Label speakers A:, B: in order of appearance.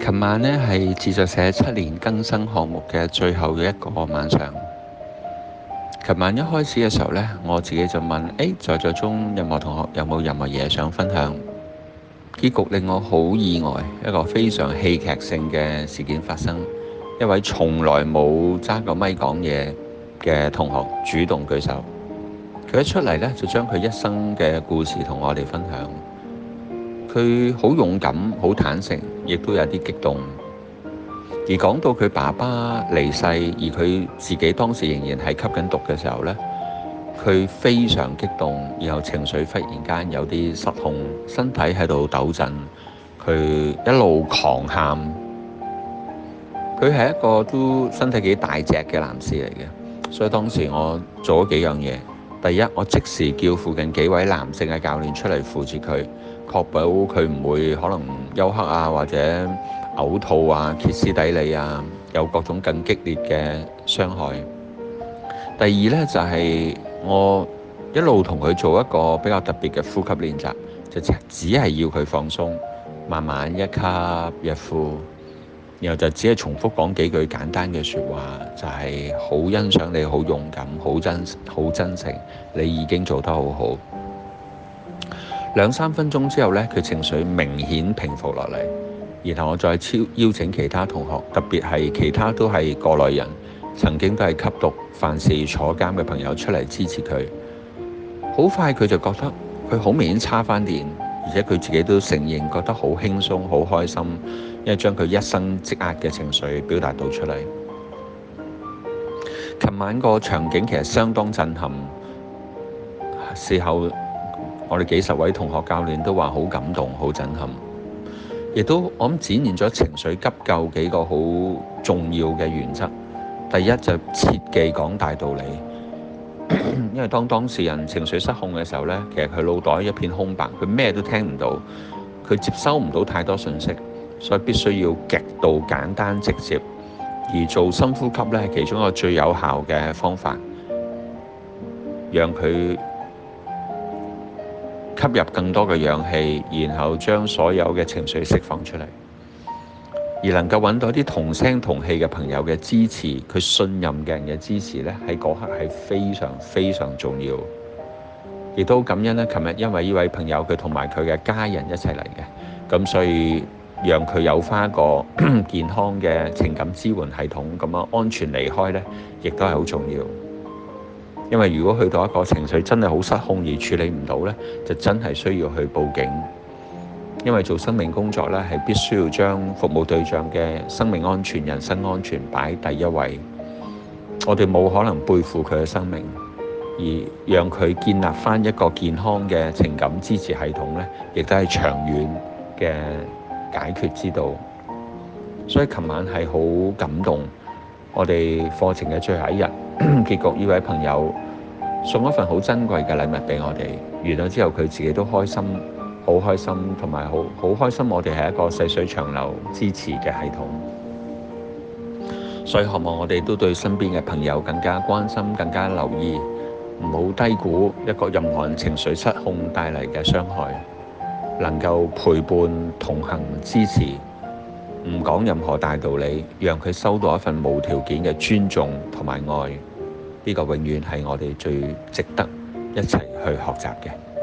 A: 琴晚呢，係自在社七年更新項目嘅最後嘅一個晚上。琴晚一開始嘅時候呢，我自己就問，誒、欸，在座中任何同學有冇任何嘢想分享？結局令我好意外，一個非常戲劇性嘅事件發生。一位從來冇揸個咪講嘢嘅同學主動舉手，佢一出嚟呢，就將佢一生嘅故事同我哋分享。佢好勇敢，好坦誠，亦都有啲激動。而講到佢爸爸離世，而佢自己當時仍然係吸緊毒嘅時候呢，佢非常激動，然後情緒忽然間有啲失控，身體喺度抖震，佢一路狂喊。佢係一個都身體幾大隻嘅男士嚟嘅，所以當時我做咗幾樣嘢。第一，我即時叫附近幾位男性嘅教練出嚟扶住佢。確保佢唔會可能休克啊，或者嘔吐啊、歇斯底里啊，有各種更激烈嘅傷害。第二呢，就係我一路同佢做一個比較特別嘅呼吸練習，就只係要佢放鬆，慢慢一吸一呼，然後就只係重複講幾句簡單嘅説話，就係好欣賞你，好勇敢，好真好真誠，你已經做得好好。兩三分鐘之後呢，佢情緒明顯平復落嚟。然後我再超邀請其他同學，特別係其他都係過來人，曾經都係吸毒、犯事、坐監嘅朋友出嚟支持佢。好快佢就覺得佢好明顯差返電，而且佢自己都承認覺得好輕鬆、好開心，因為將佢一生積壓嘅情緒表達到出嚟。琴晚個場景其實相當震撼，事後。我哋幾十位同學教練都話好感動、好震撼，亦都我諗展現咗情緒急救幾個好重要嘅原則。第一就切忌講大道理，咳咳，因為當當事人情緒失控嘅時候呢，其實佢腦袋一片空白，佢咩都聽唔到，佢接收唔到太多信息，所以必須要極度簡單直接。而做深呼吸呢，係其中一個最有效嘅方法，讓佢。吸入更多嘅氧氣，然後將所有嘅情緒釋放出嚟，而能夠揾到啲同聲同氣嘅朋友嘅支持，佢信任嘅人嘅支持呢，喺嗰刻係非常非常重要，亦都感恩呢，琴日因為呢位朋友，佢同埋佢嘅家人一齊嚟嘅，咁所以讓佢有翻一個 健康嘅情感支援系統，咁樣安全離開呢，亦都係好重要。因為如果去到一個情緒真係好失控而處理唔到呢，就真係需要去報警。因為做生命工作呢，係必須要將服務對象嘅生命安全、人身安全擺第一位。我哋冇可能背負佢嘅生命，而讓佢建立返一個健康嘅情感支持系統呢，亦都係長遠嘅解決之道。所以琴晚係好感動。我哋課程嘅最後一日 結局，呢位朋友送一份好珍貴嘅禮物俾我哋。完咗之後，佢自己都開心，好開心，同埋好好開心。我哋係一個細水長流支持嘅系統，所以希望我哋都對身邊嘅朋友更加關心，更加留意，唔好低估一個任何人情緒失控帶嚟嘅傷害，能夠陪伴同行支持。唔講任何大道理，讓佢收到一份無條件嘅尊重同埋愛，呢個永遠係我哋最值得一齊去學習嘅。